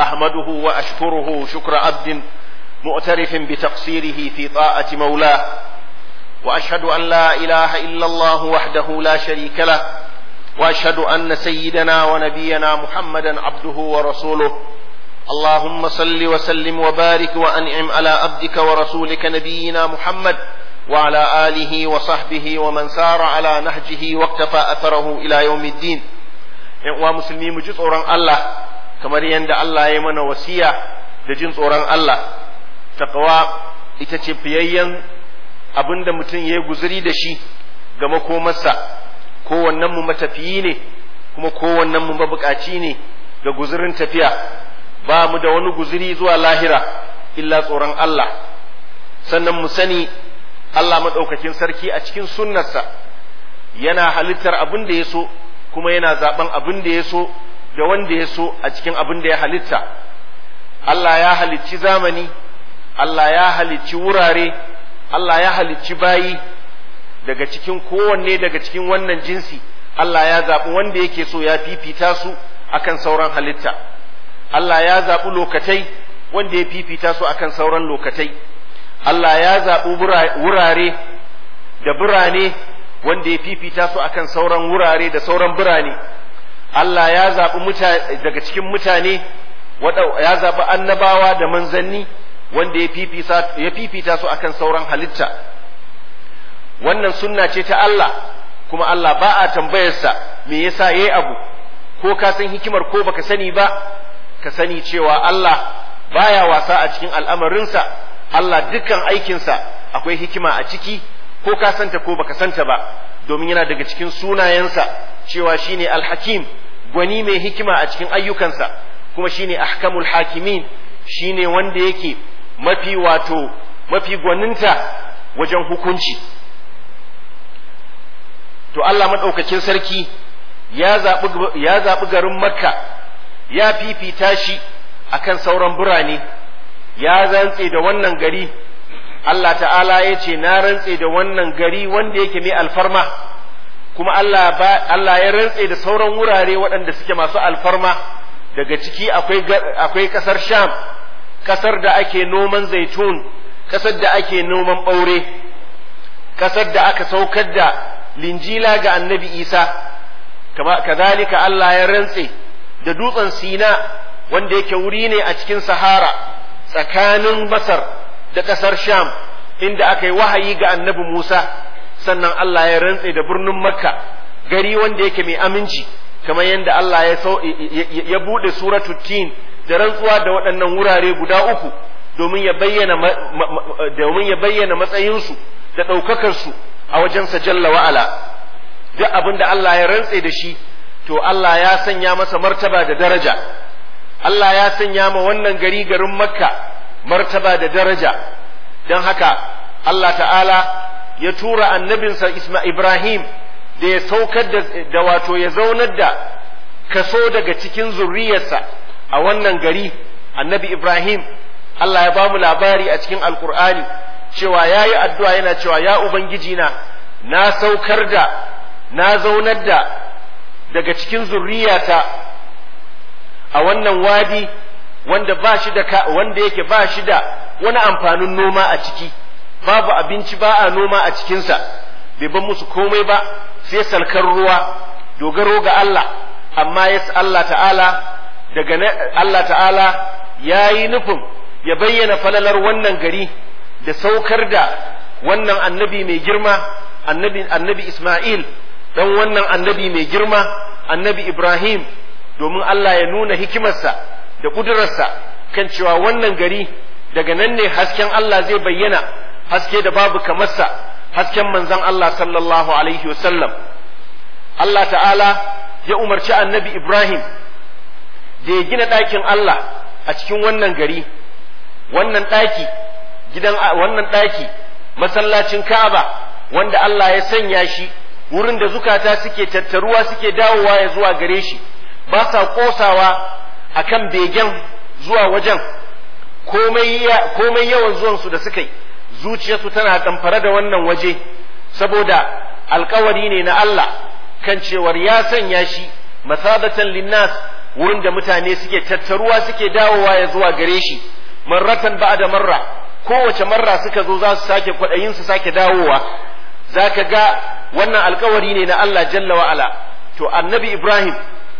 أحمده وأشكره شكر عبد مؤترف بتقصيره في طاعة مولاه وأشهد أن لا إله إلا الله وحده لا شريك له وأشهد أن سيدنا ونبينا محمدا عبده ورسوله اللهم صل وسلم وبارك وأنعم على عبدك ورسولك نبينا محمد وعلى آله وصحبه ومن سار على نهجه واقتفى أثره إلى يوم الدين ومسلمين مجد أوران الله kamar yadda Allah ya mana wasiya da jin tsoron Allah taqwa ita ce fiyayyen da mutum ya guzuri da shi ga makomarsa wannan mu matafiyi ne kuma wannan mu mabukaci ne ga guzurin tafiya ba mu da wani guzuri zuwa lahira illa tsoron Allah sannan mu sani Allah maɗaukakin sarki a cikin sunnarsa yana halittar abin da ya so kuma yana zaɓen abin da ya so da wanda ya so a cikin abin da ya halitta Allah ya halicci zamani Allah ya halicci wurare Allah ya halicci bayi daga cikin kowanne daga cikin wannan jinsi Allah ya zaɓi wanda yake so ya fifita su akan sauran halitta Allah ya zaɓi lokatai wanda ya fifita su akan sauran lokatai Allah ya zaɓi wurare da birane wanda ya fifita su akan sauran wurare da sauran birane Allah ya zaɓi daga cikin mutane ya zaɓi annabawa da manzanni wanda ya fifita su akan sauran halitta wannan sunna ce ta Allah kuma Allah ba a tambayarsa me yasa yayi abu ko ka san hikimar ko baka sani ba ka sani cewa Allah baya wasa a cikin al'amarinsa Allah dukkan aikinsa akwai hikima a ciki ko ka santa ko baka santa ba domin yana daga cikin sunayensa cewa shine alhakim gwani mai hikima a cikin ayyukansa kuma shine ahkamul hakimin shine wanda yake mafi wato mafi gwaninta wajen hukunci to Allah maɗaukakin sarki ya zaɓi garin makka ya fifita shi akan sauran birane ya zantse da wannan gari Allah ta'ala ya ce na rantse da wannan gari wanda yake mai alfarma kuma Allah ba Allah ya rantse da sauran wurare waɗanda suke masu alfarma daga ciki akwai ƙasar Sham kasar da ake noman zaitun ƙasar da ake noman ɓaure ƙasar da aka saukar da linjila ga annabi Isa kazalika Allah ya rantse da dutsen Sina wanda yake wuri ne a cikin Sahara tsakanin Masar da ƙasar sham inda aka yi wahayi ga annabi musa sannan allah ya rantse da birnin makka gari wanda yake mai aminci kamar yadda allah ya, buɗe suratul tin da rantsuwa da waɗannan wurare guda uku domin ya bayyana matsayinsu da ɗaukakarsu a wajensa jalla wa'ala duk abin da Allah ya rantse da shi to Allah ya sanya masa martaba da daraja Allah ya sanya ma wannan gari garin Makka martaba da daraja don haka Allah ta'ala ya tura annabinsa Isma Ibrahim da ya saukar da wato ya zaunar da kaso daga cikin zurriyarsa a wannan gari annabi Ibrahim Allah ya ba mu labari a cikin alkur'ani cewa ya yi addu'a yana cewa ya Ubangijina na saukar da na zaunar da daga cikin zurriyata a wannan wadi wanda ba shi da wanda yake ba shi da wani amfanin noma a ciki babu abinci ba a noma a cikinsa bai ban musu komai ba sai salkar ruwa dogaro ga Allah amma ya Allah ta'ala daga Allah ta'ala ya yi nufin ya bayyana falalar wannan gari da saukar da wannan annabi mai girma annabi annabi Ismail dan wannan annabi mai girma annabi Ibrahim domin Allah ya nuna hikimarsa da ƙudurarsa kan cewa wannan gari daga nan ne hasken Allah zai bayyana haske da babu kamarsa hasken manzon Allah sallallahu alaihi wasallam Allah ta'ala ya umarci annabi Ibrahim da ya gina ɗakin Allah a cikin wannan gari wannan ɗaki gidan wannan ɗaki masallacin Ka'aba wanda Allah ya sanya shi wurin da zukata suke tattaruwa suke dawowa ya zuwa gare shi ba sa kosawa akan begen zuwa wajen komai yawan zuwansu da suka yi zuciyarsu tana damfara da wannan waje saboda alkawari ne na Allah kan cewar ya sanya shi masadatan linnas wurin da mutane suke tattaruwa suke dawowa ya zuwa gare shi marratan ba'a da marra kowace marra suka zo za su sake kwaɗayin su sake dawowa za ka ga wannan alkawari ne na Allah jalla wa'ala to annabi Ibrahim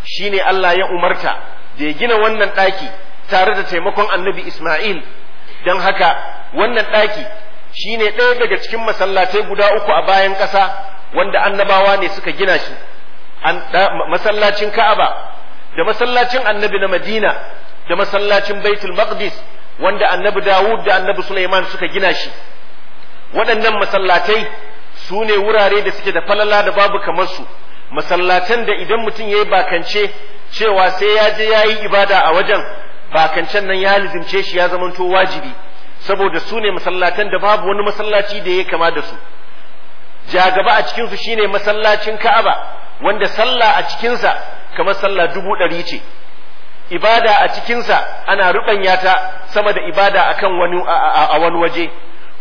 shine Allah ya umarta da ya gina wannan ɗaki tare da taimakon annabi Ismail don haka wannan ɗaki shi ne ɗaya daga cikin masallatai guda uku a bayan ƙasa wanda annabawa ne suka gina shi masallacin Ka'aba da masallacin annabi na Madina da masallacin Baitul Maqdis wanda annabi Dawud da annabi Sulaiman suka gina shi waɗannan masallatai su ne wurare da suke da falala da babu kamar su masallatan da idan mutum ya yi bakance cewa sai ya je ya yi ibada a wajen bakancan nan ya lizimce shi ya zamanto wajibi saboda su ne masallatan da babu wani masallaci da ya kama da su ja gaba a cikinsu shine masallacin ka'aba wanda sallah a cikinsa kamar sallah dubu ɗari ce ibada a cikinsa ana ruɓanya ta sama da ibada akan wani wani waje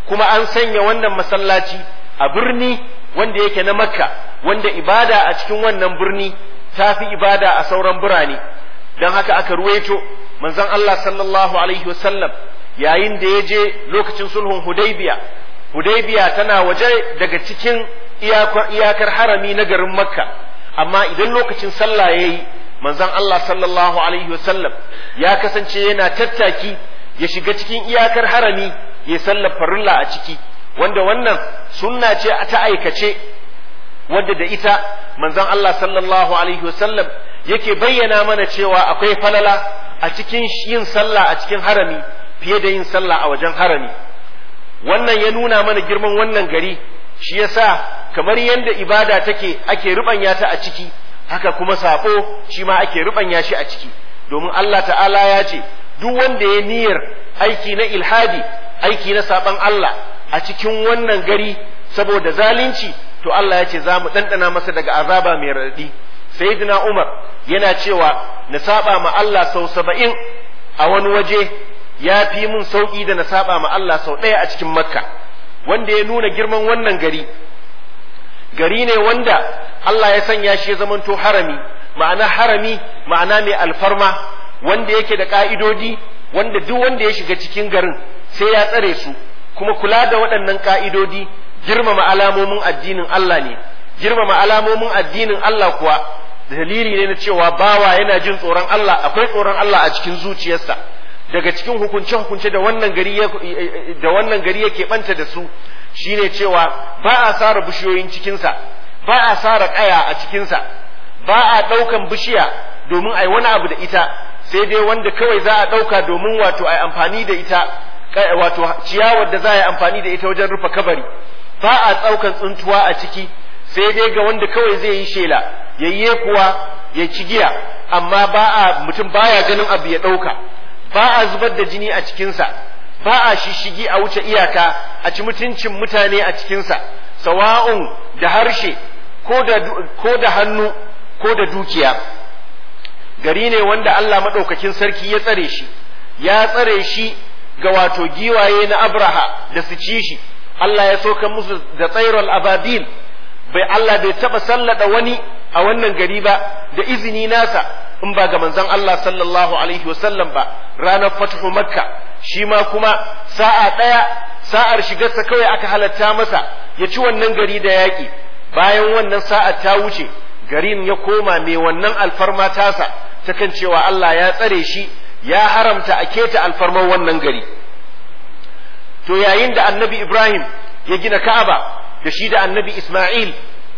kuma an sanya wannan masallaci a birni wanda yake na makka wanda ibada a cikin wannan birni ta fi ibada a sauran birane don haka aka ruwaito manzon Allah sallallahu alaihi wasallam yayin da ya je lokacin sulhun Hudaibiya. Hudaibiya tana waje daga cikin iyakar harami na garin Makka amma idan lokacin sallah yayi manzon Allah sallallahu alaihi wasallam ya kasance yana tattaki ya shiga cikin iyakar harami ya sallar farilla a ciki wanda wannan sunna ce ta aikace wadda da ita manzon Allah sallallahu alaihi wasallam yake bayyana mana cewa akwai falala a cikin yin sallah a cikin harami fiye da yin sallah a wajen harami wannan ya nuna mana girman wannan gari shi yasa kamar yadda ibada take ake rubanya ta a ciki haka kuma sako shi ma ake rubanya shi a ciki domin Allah ta'ala ya ce duk wanda ya niyyar aiki na ilhadi aiki na saban Allah a cikin wannan gari saboda zalunci to Allah ya ce za mu ɗanɗana masa daga azaba mai raɗi. sayyidina Umar yana cewa na saba ma Allah sau saba'in a wani waje ya fi mun sauƙi da na saba ma Allah sau ɗaya a cikin makka wanda ya nuna girman wannan gari gari ne wanda Allah ya sanya shi ya zamanto harami ma'ana harami ma'ana mai alfarma wanda yake da ƙa'idodi wanda duk wanda ya shiga cikin garin sai ya tsare su kuma kula da waɗannan ƙa'idodi girmama alamomin addinin Allah ne girmama alamomin addinin Allah kuwa dalili ne na cewa bawa yana jin tsoron Allah akwai tsoron Allah a cikin zuciyarsa daga cikin hukunce hukunce da wannan gari da wannan gari yake banta da su shine cewa ba a sara bishiyoyin cikinsa ba a sara kaya a cikinsa ba a daukan bishiya domin ai wani abu da ita sai dai wanda kawai za a dauka domin wato ai amfani da ita wato ciyawar da za a yi amfani da ita wajen rufe kabari ba a tsaukan tsuntuwa a ciki sai dai ga wanda kawai zai yi shela yayye kuwa ya ci giya amma ba a mutum baya ganin abu ya ɗauka ba a zubar da jini a cikinsa ba a shishigi a wuce iyaka a ci mutuncin mutane a cikinsa sawa'un da harshe ko da hannu ko da dukiya gari ne wanda Allah maɗaukakin sarki ya tsare shi ya tsare shi ga wato giwaye na abraha da su ci shi Allah ya sauka musu da tsairar ababil bai Allah bai taɓa sallada wani a wannan gari ba da izini nasa in ba ga manzon Allah sallallahu alaihi wasallam ba ranar fatu makka shi ma kuma sa'a ɗaya sa'ar shigarsa kawai aka halatta masa ya ci wannan gari da yaƙi bayan wannan sa'a ta wuce garin ya koma mai wannan alfarma tasa ta kan cewa Allah ya tsare shi ya haramta a keta alfarman wannan gari to yayin da annabi ibrahim ya gina ka'aba da shi da annabi isma'il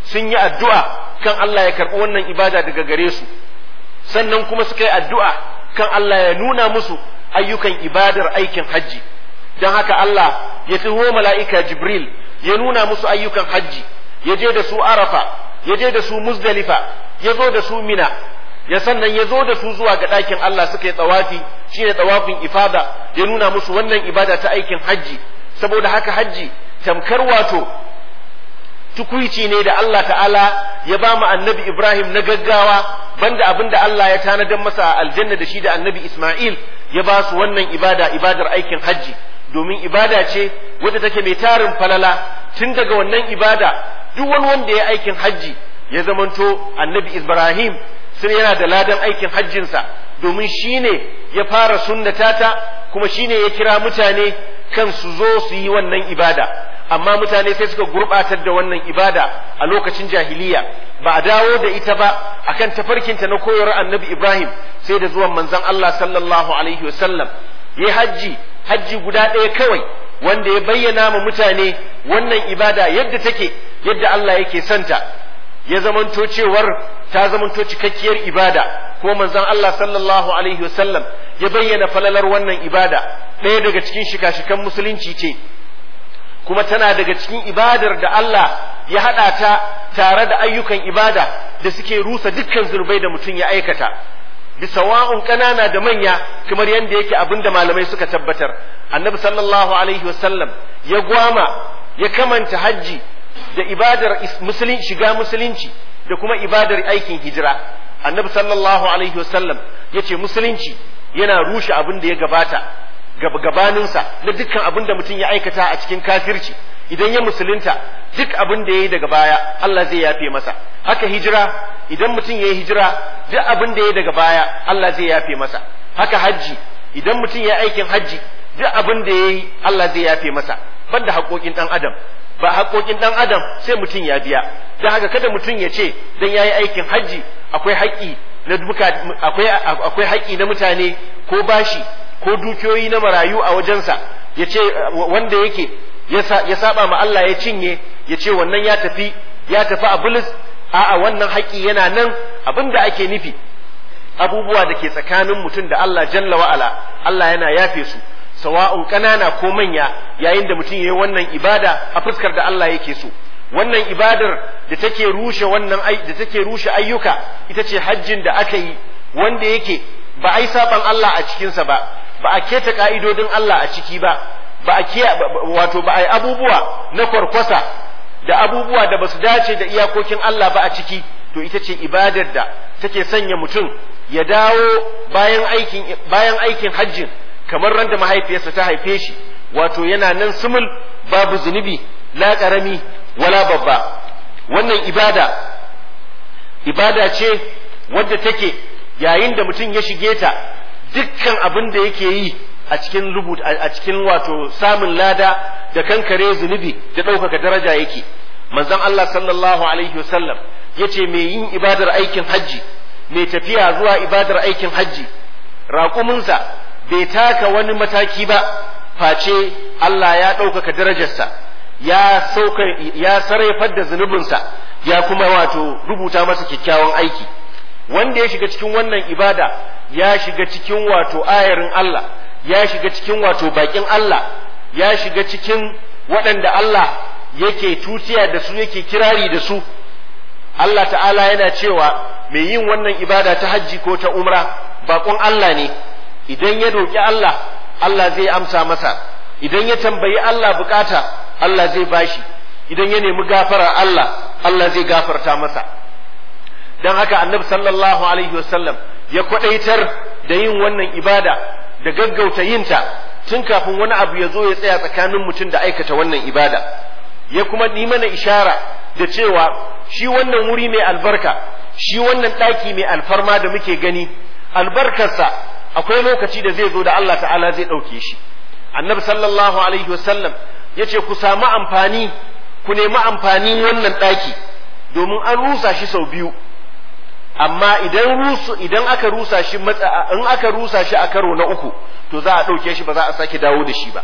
sun yi addu'a kan allah ya karɓi wannan ibada daga gare su sannan kuma suka yi addu'a kan allah ya nuna musu ayyukan ibadar aikin hajji don haka allah ya taho mala'ika jibril ya nuna musu ayyukan hajji ya je da su arafa ya je da su muzdalifa ya zo da su mina ya sannan ya zo da su zuwa ga ɗakin Allah suka yi tsawafi shi ne tsawafin ifada ya nuna musu wannan ibada ta aikin hajji saboda haka hajji tamkar wato tukuici ne da Allah ta'ala ya ba mu annabi Ibrahim na gaggawa banda abin da Allah ya tanadar masa a aljanna da shi da annabi Ismail ya ba su wannan ibada ibadar aikin hajji domin ibada ce wadda take mai tarin falala tun daga wannan ibada duk wani wanda ya aikin hajji ya zamanto annabi Ibrahim sun yana da ladan aikin hajjinsa domin shi ne ya fara sunnata ta kuma shi ne ya kira mutane kan su zo su yi wannan ibada amma mutane sai suka gurɓatar da wannan ibada a lokacin jahiliya ba a dawo da ita ba a kan tafarkinta na koyar annabi ibrahim sai da zuwan manzan allah sallallahu alaihi wasallam ya hajji hajji guda ɗaya kawai wanda ya bayyana ma mutane wannan ibada yadda take yadda allah yake santa ya zamanto cewar ta zamanto cikakkiyar ibada ko manzon Allah sallallahu alaihi wasallam ya bayyana falalar wannan ibada ɗaya daga cikin shika-shikan musulunci ce kuma tana daga cikin ibadar da Allah ya haɗa ta tare da ayyukan ibada da suke rusa dukkan zurbai da mutum ya aikata bisa wa'un ƙanana da manya kamar yadda yake abin da malamai suka tabbatar annabi sallallahu alaihi wasallam ya gwama ya kamanta hajji da ibadar musulun shiga musulunci da kuma ibadar aikin hijira annabi sallallahu alaihi wasallam ya ce musulunci yana rushe abin da ya gabata gabaninsa na dukkan abin da mutum ya aikata a cikin kafirci idan ya musulunta duk abin da ya yi daga baya Allah zai yafe masa haka hijira idan mutum ya yi hijira duk abin da ya yi daga baya Allah zai yafe masa haka hajji idan mutum ya yi aikin hajji duk abin da ya yi Allah zai yafe masa banda haƙoƙin ɗan adam ba haƙoƙin ɗan adam sai mutum ya biya don haka kada mutum ya ce don ya yi aikin hajji akwai haƙƙi na duka akwai akwai haƙƙi na mutane ko bashi ko dukiyoyi na marayu a wajensa ya ce wanda yake ya saba ma Allah ya cinye ya ce wannan ya tafi ya tafi a bulus a'a wannan haƙƙi yana nan abinda ake nufi abubuwa da ke tsakanin mutum da Allah jalla wa'ala Allah yana yafe su sawa'un ƙanana ko manya yayin da mutum ya yi wannan ibada a fuskar da Allah yake so wannan ibadar da take rushe wannan da take rushe ayyuka ita ce hajjin da aka yi wanda yake ba ai saban Allah a cikinsa ba ba a keta ka'idodin Allah a ciki ba ba a kiya wato ba ai abubuwa na kwarkwasa da abubuwa da basu dace da iyakokin Allah ba a ciki to ita ce ibadar da take sanya mutum ya dawo bayan aikin bayan aikin hajjin kamar randa mahaifiyarsa ta haife shi wato yana nan sumul babu zunubi la karami wala babba wannan ibada ibada ce wadda take yayin da mutum ya shige ta dukkan abin da yake yi a cikin rubut a cikin wato samun lada da kankare zunubi da ɗaukaka daraja yake manzon Allah sallallahu alaihi wasallam yace mai yin ibadar aikin hajji mai tafiya zuwa ibadar aikin hajji raƙuminsa bai taka wani mataki ba face Allah ya ɗaukaka darajarsa ya sauka ya sarrafa da zunubinsa ya kuma wato rubuta masa kyakkyawan aiki wanda ya shiga cikin wannan ibada ya shiga cikin wato ayarin Allah ya shiga cikin wato bakin Allah ya shiga cikin waɗanda Allah yake tutiya da su yake kirari da su Allah ta'ala yana cewa mai yin wannan ibada ta hajji ko ta umra bakon Allah ne idan ya roƙi Allah Allah zai amsa masa idan ya tambayi Allah bukata Allah zai bashi idan ya nemi gafara Allah Allah zai gafarta masa don haka annabi sallallahu alaihi wasallam ya kwadaitar da yin wannan ibada da gaggauta yinta tun kafin wani abu ya zo ya tsaya tsakanin mutum da aikata wannan ibada ya kuma ni mana ishara da cewa shi wannan wuri mai albarka shi wannan ɗaki mai alfarma da muke gani albarkarsa akwai lokaci da zai zo da Allah ta'ala zai ɗauke shi annabi sallallahu alaihi wasallam ya ce ku samu amfani ku nemi amfanin wannan ɗaki domin an rusa shi sau biyu amma idan rusu idan aka rusa shi in aka rusa shi a karo na uku to za a ɗauke shi ba za a sake dawo da shi ba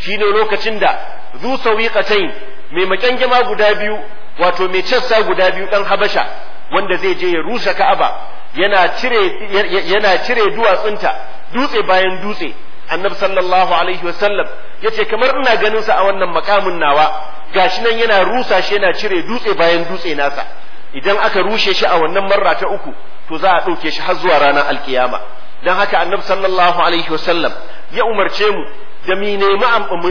shine lokacin da zu sawiqatain mai makyangyama guda biyu wato mai cassa guda biyu ɗan habasha wanda zai je ya rusa ka'aba yana cire yana cire duwatsunta dutse bayan dutse annabi sallallahu alaihi wasallam yace kamar ina ganin sa a wannan makamin nawa gashi nan yana rusa shi yana cire dutse bayan dutse nasa idan aka rushe shi a wannan marra ta uku to za a ɗauke shi har zuwa ranar alkiyama don haka annabi sallallahu alaihi sallam ya umarce mu da mi nemi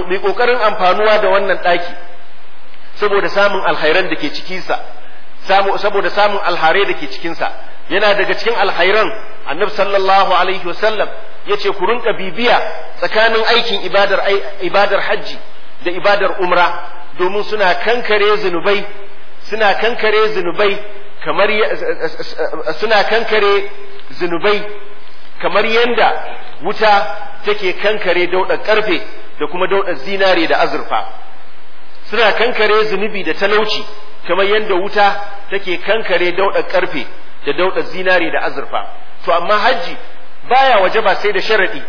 mai kokarin amfanuwa da wannan ɗaki saboda samun alkhairan da ke cikinsa saboda samun alhare da ke cikinsa yana daga cikin alhairan annabi sallallahu alaihi wasallam ya ce ku rinka bibiya tsakanin aikin ibadar ibadar hajji da ibadar umra domin suna kankare zunubai suna kankare zunubai kamar suna kankare zunubai kamar yanda wuta take kankare daudar karfe da kuma daudar zinare da azurfa suna kankare zunubi da talauci kamar yadda wuta take kankare daudar karfe da daudar zinare da azurfa to amma hajji baya wajaba sai da sharadi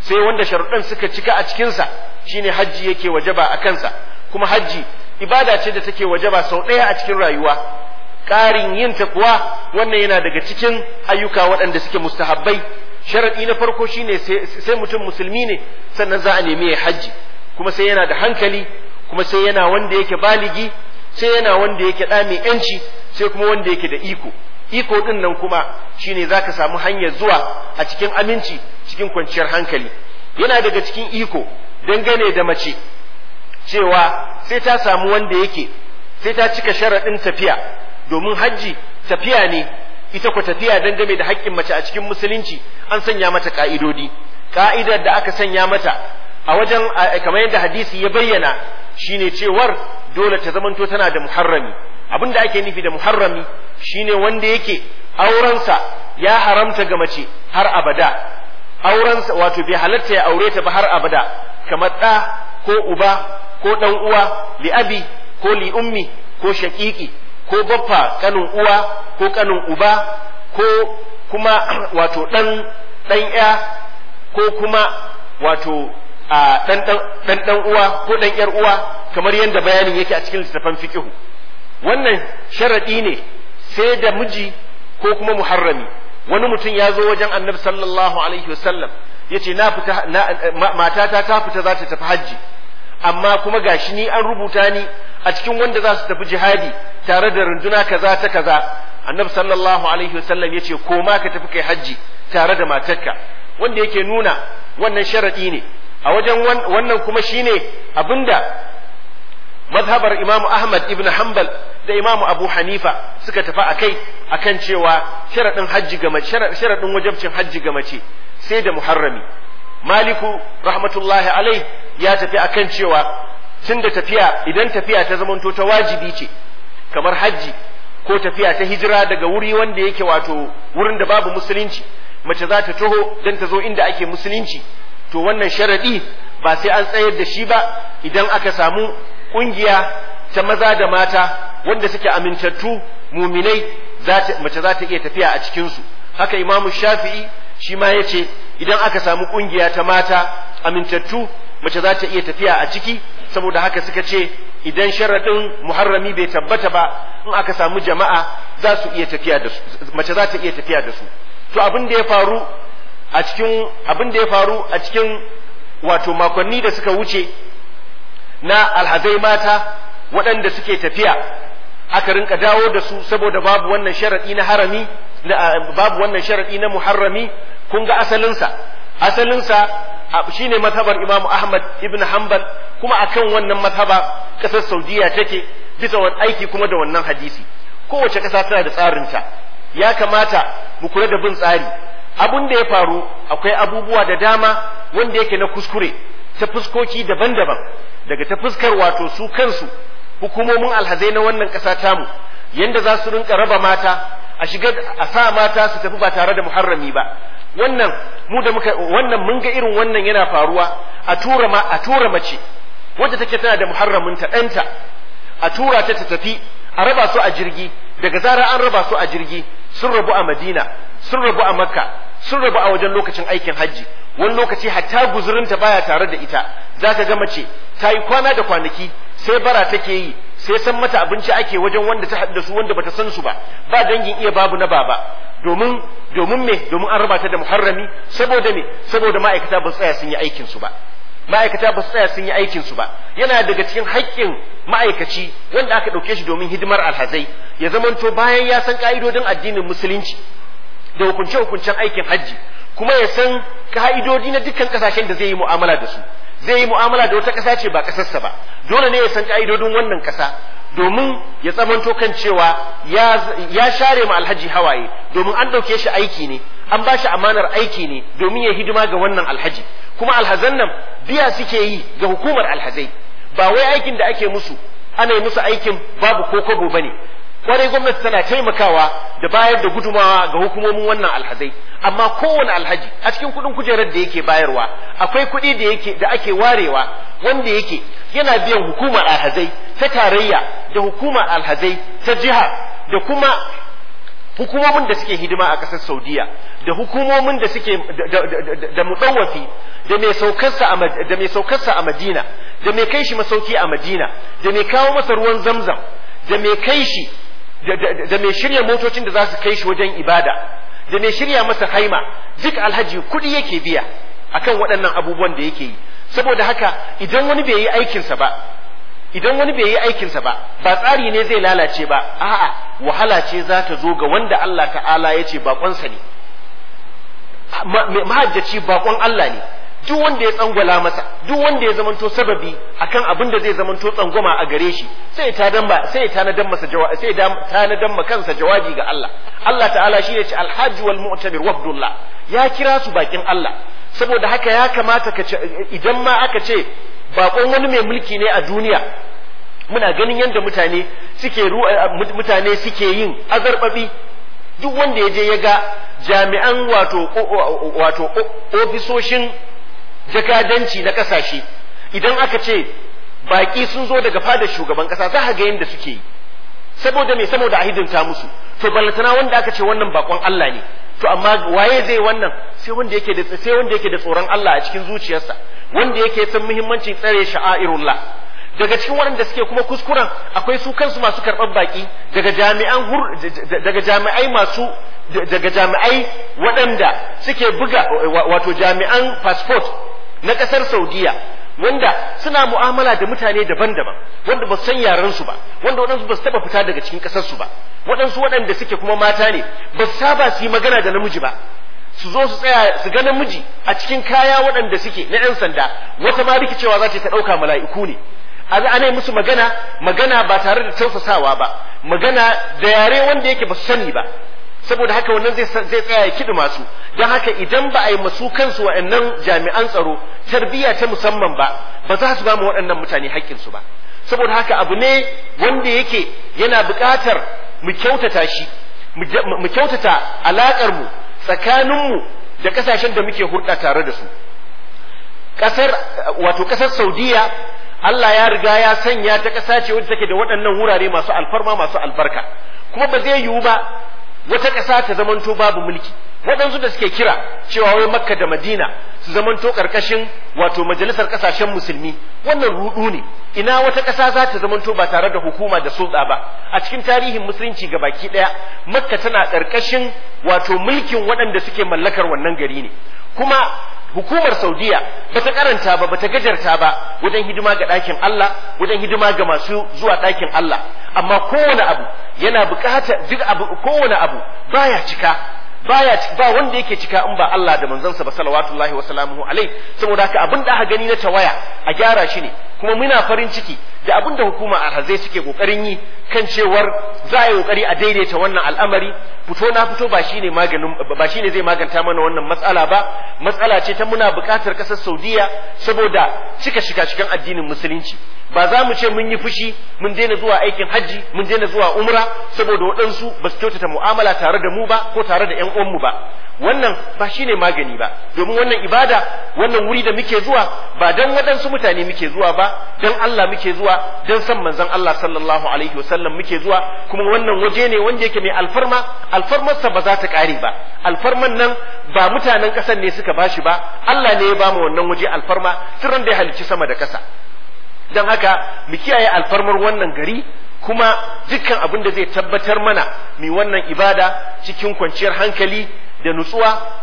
sai wanda sharuɗan suka cika a cikinsa shine hajji yake wajaba a kansa kuma hajji ibada ce da take wajaba sau ɗaya a cikin rayuwa ƙarin yin ta kuwa wannan yana daga cikin ayyuka waɗanda suke mustahabbai sharaɗi na farko shine sai mutum musulmi ne sannan za a nemi ya hajji kuma sai yana da hankali kuma sai yana wanda yake baligi sai yana wanda yake da mai yanci sai kuma wanda yake da iko iko din nan kuma shine zaka samu hanyar zuwa a cikin aminci cikin kwanciyar hankali yana daga cikin iko dangane da mace cewa sai ta samu wanda yake sai ta cika sharaɗin tafiya domin hajji tafiya ne ita ku tafiya dangane da haƙƙin mace a cikin musulunci an sanya mata ƙa'idodi ka'idar da aka sanya mata a wajen kamar yadda hadisi ya bayyana shine cewar dole ta zamanto tana da muharrami abin da ake nufi da muharrami shine wanda yake aurensa ya haramta ga mace har abada aurensa wato bai halarta ya aure ta ba har abada kamar ɗa ko uba ko ɗan uwa li abi ko li ummi ko shaƙiƙi ko baffa kanin uwa ko kanin uba ko kuma wato ɗan ɗan ya ko kuma wato a dan dan uwa ko dan yar uwa kamar yadda bayanin yake a cikin littafin fiqhu wannan sharaɗi ne sai da miji ko kuma muharrami wani mutum ya zo wajen annabi sallallahu alaihi wasallam ya ce matata ta fita za ta tafi hajji amma kuma gashi ni an rubuta ni a cikin wanda za su tafi jihadi tare da runduna kaza ta kaza annabi sallallahu alaihi wasallam ya ce koma ka tafi kai hajji tare da matarka wanda yake nuna wannan sharaɗi ne a wajen wannan kuma shine abinda mazhabar Imam Ahmad ibn Hanbal da Imam Abu Hanifa suka tafi kai akan cewa sharadin hajji ga mace sharadin hajji ga mace sai da muharrami Maliku rahmatullahi alai ya tafi akan cewa tun da tafiya idan tafiya ta zamanto ta wajibi ce kamar hajji ko tafiya ta hijira daga wuri wanda yake wato wurin da babu musulunci mace za ta taho don ta zo inda ake musulunci to wannan sharadi ba sai an tsayar da shi ba idan aka samu kungiya ta maza da mata wanda suke amintattu muminai mace za ta iya tafiya a cikinsu haka imamu shafi'i shi ma ya ce idan aka samu kungiya ta mata amintattu mace za ta iya tafiya a ciki saboda haka suka ce idan sharaɗin muharrami bai tabbata ba in aka samu jama'a za su iya tafiya da su mace za ta iya tafiya da su to abin da ya faru a cikin abin da ya faru a cikin wato makonni da suka wuce na alhazai mata waɗanda suke tafiya aka rinka dawo da su saboda babu wannan sharaɗi na harami babu wannan sharaɗi na muharrami kun ga asalinsa asalinsa shine mazhabar Imam Ahmad ibn Hanbal kuma akan wannan mazhaba ƙasar Saudiya take bisa wani aiki kuma da wannan hadisi kowace ƙasa tana da tsarinta ya kamata mu kula da bin tsari abun da ya faru akwai abubuwa da dama wanda yake na kuskure ta fuskoki daban-daban daga ta fuskar wato su kansu hukumomin alhazai na wannan ƙasa tamu yanda za su rinka raba mata a shiga a sa mata su tafi ba tare da muharrami ba wannan mu da muka wannan mun ga irin wannan yana faruwa a tura ma a tura mace wanda take tana da muharramin ta ɗanta a tura ta ta tafi a raba su a jirgi daga zarar an raba su a jirgi sun rabu a madina sun rabu a makka sun rabu a wajen lokacin aikin hajji wani lokaci hatta guzurinta baya tare da ita za ka ga mace ta yi kwana da kwanaki sai bara take yi sai san mata abinci ake wajen wanda ta haddasu wanda bata san su ba ba dangin iya babu na baba domin domin me domin an raba ta da muharrami saboda me saboda ma'aikata ba su tsaya sun yi aikin su ba ma'aikata ba su tsaya sun yi aikin su ba yana daga cikin haƙƙin ma'aikaci wanda aka ɗauke shi domin hidimar alhazai ya zamanto bayan ya san ka'idodin addinin musulunci da hukunce hukuncen aikin hajji kuma ya san ka'idodi na dukkan kasashen da zai yi mu'amala da su zai yi mu'amala da wata ƙasa ce ba kasarsa ba dole ne ya san ka'idodin wannan ƙasa domin ya tsamanto kan cewa ya share ma alhaji hawaye domin an ɗauke shi aiki ne an ba shi amanar aiki ne domin ya hidima ga wannan alhaji kuma alhazan nan biya suke yi ga hukumar alhazai ba wai aikin da ake musu ana yi musu aikin babu ko kobo ba ne. kwarai gwamnati tana taimakawa da bayar da gudumawa ga hukumomin wannan alhazai amma kowane alhaji a cikin kuɗin kujerar da yake bayarwa akwai kuɗi da yake da ake warewa wanda yake yana biyan hukumar alhazai ta tarayya da hukumar alhazai ta jiha da kuma hukumomin da suke hidima a ƙasar saudiya da hukumomin da suke da muɗawafi da mai saukarsa a madina da mai kai shi masauki a madina da mai kawo masa ruwan zamzam da mai kai shi da mai shirya motocin da za su kai shi wajen ibada da mai shirya masa haima duk alhaji kuɗi yake biya akan waɗannan abubuwan da yake yi saboda haka idan wani bai yi aikinsa ba idan wani bai yi aikinsa ba ba tsari ne zai lalace ba a'a wahala ce za ta zo ga wanda Allah ta'ala ya ce baƙonsa ne mahajjaci baƙon Allah ne duk wanda ya tsangwala masa duk wanda ya zamanto sababi akan abin da zai zamanto tsangwama a gare shi sai ta damba sai ta nadan masa jawabi sai ta nadan kansa jawabi ga Allah Allah ta'ala shi ya ce alhaji wal mu'tamir abdullah ya kira su bakin Allah saboda haka ya kamata ka idan ma aka ce bakon wani mai mulki ne a duniya muna ganin yadda mutane suke mutane suke yin azarbabi duk wanda ya je ya ga jami'an wato wato ofisoshin jakadanci na kasashe idan aka ce baki sun zo daga fadar shugaban kasa za ga yadda suke yi saboda me saboda ahidinta musu to ballatana wanda aka ce wannan bakon Allah ne to amma waye zai wannan sai wanda yake da sai wanda yake da tsoron Allah a cikin zuciyarsa wanda yake san muhimmancin tsare sha'airullah daga cikin waɗanda suke kuma kuskuren akwai su kansu masu karɓar baki daga jami'an daga jami'ai masu daga jami'ai waɗanda suke buga wato jami'an passport na ƙasar saudiya wanda suna mu'amala da mutane daban-daban wanda ba su san yaran su ba wanda waɗansu ba su taɓa fita daga cikin ƙasar su ba waɗansu waɗanda suke kuma mata ne ba su saba su yi magana da namiji ba su zo su tsaya su ga namiji a cikin kaya waɗanda suke na 'yan sanda wata ma rikicewa za ta ta ɗauka mala'iku ne a za ana musu magana magana ba tare da tausasawa ba magana da yare wanda yake ba su sani ba saboda haka wannan zai zai tsaya ya kidima masu don haka idan ba a yi masu kansu waɗannan jami'an tsaro tarbiyya ta musamman ba ba za su ba waɗannan mutane haƙƙin su ba saboda haka abu ne wanda yake yana buƙatar mu kyautata shi mu kyautata alaƙar mu tsakanin mu da ƙasashen da muke hulɗa tare da su ƙasar wato ƙasar Saudiya Allah ya riga ya sanya ta ƙasa ce wadda take da waɗannan wurare masu alfarma masu albarka kuma ba zai yiwu ba wata ƙasa ta zamanto babu mulki waɗansu da suke kira cewa wai makka da madina su zamanto ƙarƙashin wato majalisar ƙasashen musulmi wannan ruɗu ne ina wata ƙasa za ta zamanto ba tare da hukuma da sulɗa ba a cikin tarihin musulunci ga baki ɗaya makka tana ƙarƙashin wato mulkin waɗanda suke mallakar wannan gari ne kuma hukumar saudiya ba ta karanta ba ba ta gajarta ba wajen hidima ga ɗakin Allah wajen hidima ga masu zuwa ɗakin Allah amma kowane abu yana bukata duk abu kowane abu baya cika baya ba wanda yake cika in ba Allah da manzansa ba salawatullahi wa salamuhu alai saboda haka abin da aka gani na tawaya a gyara shi ne kuma muna farin ciki da abin da hukuma alhazai suke kokarin yi kan cewar za a yi kokari a daidaita wannan al'amari fito na fito ba shine maganin ba shine zai maganta mana wannan matsala ba matsala ce ta muna buƙatar ƙasar Saudiya saboda cika shika cikin addinin musulunci ba za mu ce mun yi fushi mun daina zuwa aikin hajji mun daina zuwa umra saboda waɗansu ba su kyautata mu'amala tare da mu ba ko tare da 'yan uwanmu ba wannan ba shine magani ba domin wannan ibada wannan wuri da muke zuwa ba dan waɗansu mutane muke zuwa ba dan Allah muke zuwa dan san manzon Allah sallallahu alaihi wasallam muke zuwa kuma wannan waje ne wanda yake mai alfarma alfarmarsa ba za ta ƙare ba alfarman nan ba mutanen ƙasar ne suka bashi ba Allah ne ya ba mu wannan waje alfarma sirran da ya halicci sama da ƙasa dan haka mu kiyaye alfarmar wannan gari kuma dukkan abin da zai tabbatar mana mi wannan ibada cikin kwanciyar hankali da nutsuwa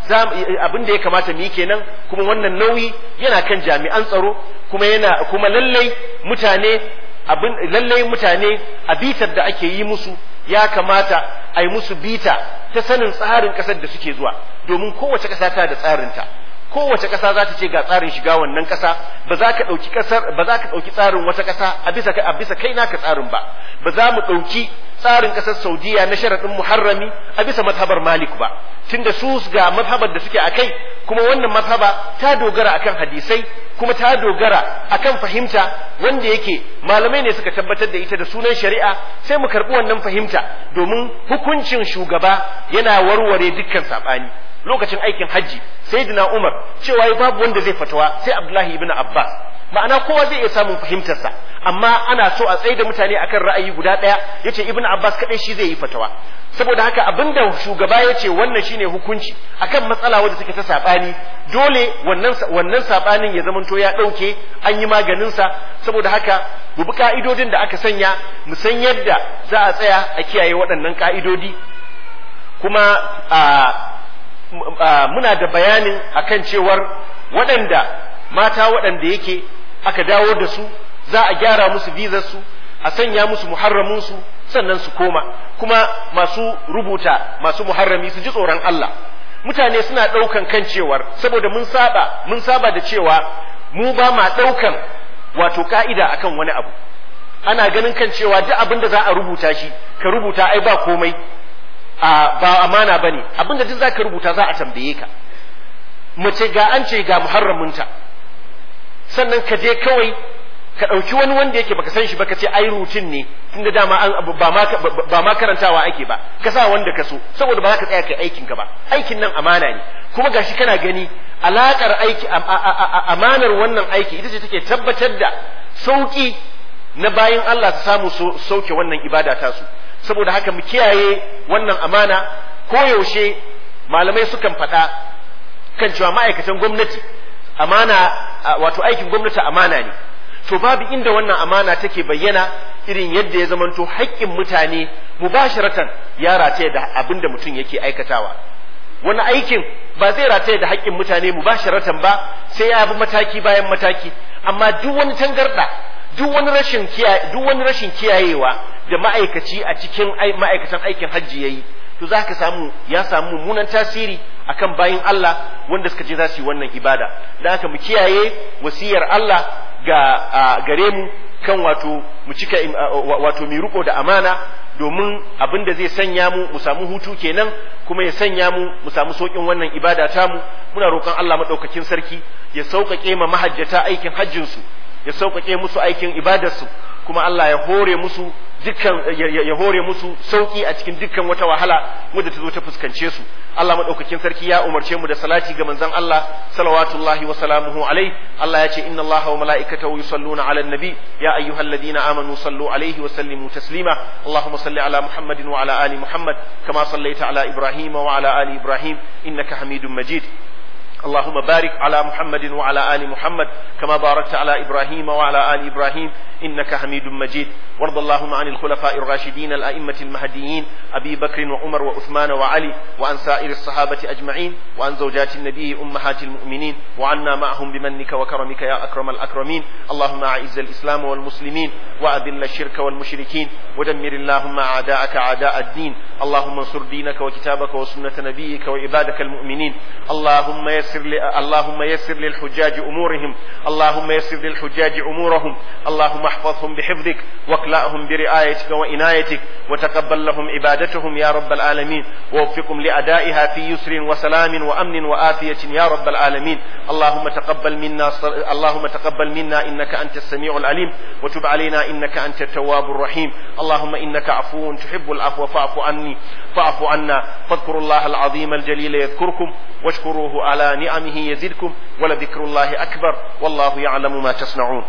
abin da ya kamata mu yi kenan kuma wannan nauyi yana kan jami'an tsaro kuma yana kuma lallai mutane abin lallai mutane a bitar da ake yi musu ya kamata a yi musu bita ta sanin tsarin ƙasar da suke zuwa domin kowace ƙasa ta da tsarin ta. kowace ƙasa za ta ce ga tsarin shiga wannan ƙasa ba za ka ɗauki ƙasar ba za ka ɗauki tsarin wata ƙasa a bisa a bisa kai naka tsarin ba ba za mu ɗauki tsarin ƙasar Saudiya na sharaɗin Muharrami a bisa mazhabar Malik ba tunda su ga mazhabar da suke a kai kuma wannan mazhaba ta dogara akan hadisai kuma ta dogara akan fahimta wanda yake malamai ne suka tabbatar da ita da sunan shari'a sai mu karbi wannan fahimta domin hukuncin shugaba yana warware dukkan sabani lokacin aikin hajji sayyidina Umar cewa babu wanda zai fatawa sai Abdullahi ibn Abbas ma'ana kowa zai iya samun fahimtarsa amma ana so a tsaye da mutane akan ra'ayi guda ɗaya yace ibnu abbas kaɗai shi zai yi fatawa saboda haka abinda shugaba ya ce wannan shine hukunci akan matsala wadda take ta saɓani dole wannan wannan sabanin ya zamanto ya ɗauke an yi maganin sa saboda haka mu bi ka'idodin da aka sanya mu san yadda za a tsaya a kiyaye waɗannan ka'idodi kuma muna da bayanin akan cewar waɗanda mata waɗanda yake aka dawo da su za a gyara musu su a sanya musu muharraminsu sannan su koma kuma masu rubuta masu muharrami su ji tsoron Allah mutane suna ɗaukan kan cewar saboda mun saba mun saba da cewa mu ba ma ɗaukan wato ka'ida akan wani abu ana ganin kan cewa duk abin da za a rubuta shi ka rubuta ai ba komai a ba amana bane abin da duk za ka rubuta za a tambaye ka mace ga an ce ga muharraminta sannan ka je kawai ka ɗauki wani wanda yake baka san shi ba ka ce ai rutin ne tunda dama an ba ma karantawa ake ba ka sa wanda ka so saboda ba za ka tsaya kai aikin ka ba aikin nan amana ne kuma gashi kana gani alakar aiki amanar wannan aiki ita ce take tabbatar da sauki na bayan Allah su samu sauke wannan ibada ta su saboda haka mu kiyaye wannan amana koyaushe malamai sukan faɗa kan cewa ma'aikatan gwamnati amana wato aikin gwamnati amana ne to babu inda wannan amana take bayyana irin yadda ya zamanto haƙƙin mutane mubasharatan ya rataya da abin da mutum yake aikatawa wani aikin ba zai rataya da haƙƙin mutane mu ba sai ya bi mataki bayan mataki amma duk wani tangarɗa duk wani rashin kiyaye duk wani rashin kiyayewa da ma'aikaci a cikin ma'aikatan aikin hajji yayi to za ka samu ya samu mummunan tasiri akan bayin Allah wanda suka je za su yi wannan ibada da haka mu kiyaye wasiyar Allah ga gare mu kan wato mu cika wato mu riko da amana domin abin da zai sanya mu mu samu hutu kenan kuma ya sanya mu mu samu sokin wannan ibada ta mu muna roƙon Allah madaukakin sarki ya sauƙaƙe ma mahajjata aikin hajjinsu su ya sauƙaƙe musu aikin ibadarsu kuma Allah ya hore musu dukkan ya hore musu sauki a cikin dukkan wata wahala wadda ta zo ta fuskance su Allah madaukakin sarki ya umarce mu da salati ga manzon Allah salawatullahi wa salamuhu alai Allah ya ce inna Allaha wa mala'ikatahu yusalluna 'alan nabi ya ayyuhalladhina amanu sallu 'alaihi wa sallimu taslima Allahumma salli 'ala Muhammadin wa 'ala ali Muhammad kama sallaita 'ala Ibrahim wa 'ala ali Ibrahim innaka Hamidum Majid اللهم بارك على محمد وعلى آل محمد كما باركت على إبراهيم وعلى آل إبراهيم إنك حميد مجيد وارض اللهم عن الخلفاء الراشدين الأئمة المهديين أبي بكر وعمر وعثمان وعلي وعن سائر الصحابة أجمعين وعن زوجات النبي أمهات المؤمنين وعنا معهم بمنك وكرمك يا أكرم الأكرمين اللهم أعز الإسلام والمسلمين وأذل الشرك والمشركين ودمر اللهم أعداءك أعداء الدين اللهم انصر دينك وكتابك وسنة نبيك وعبادك المؤمنين اللهم يسر يسر لي اللهم يسر للحجاج امورهم اللهم يسر للحجاج امورهم اللهم احفظهم بحفظك واكلاهم برعايتك وعنايتك وتقبل لهم عبادتهم يا رب العالمين ووفقهم لادائها في يسر وسلام وامن وآفية يا رب العالمين اللهم تقبل منا اللهم تقبل منا انك انت السميع العليم وتب علينا انك انت التواب الرحيم اللهم انك عفو تحب العفو فاعف عني فاعف عنا فاذكروا الله العظيم الجليل يذكركم واشكروه على نعمه يزدكم ولذكر الله أكبر والله يعلم ما تصنعون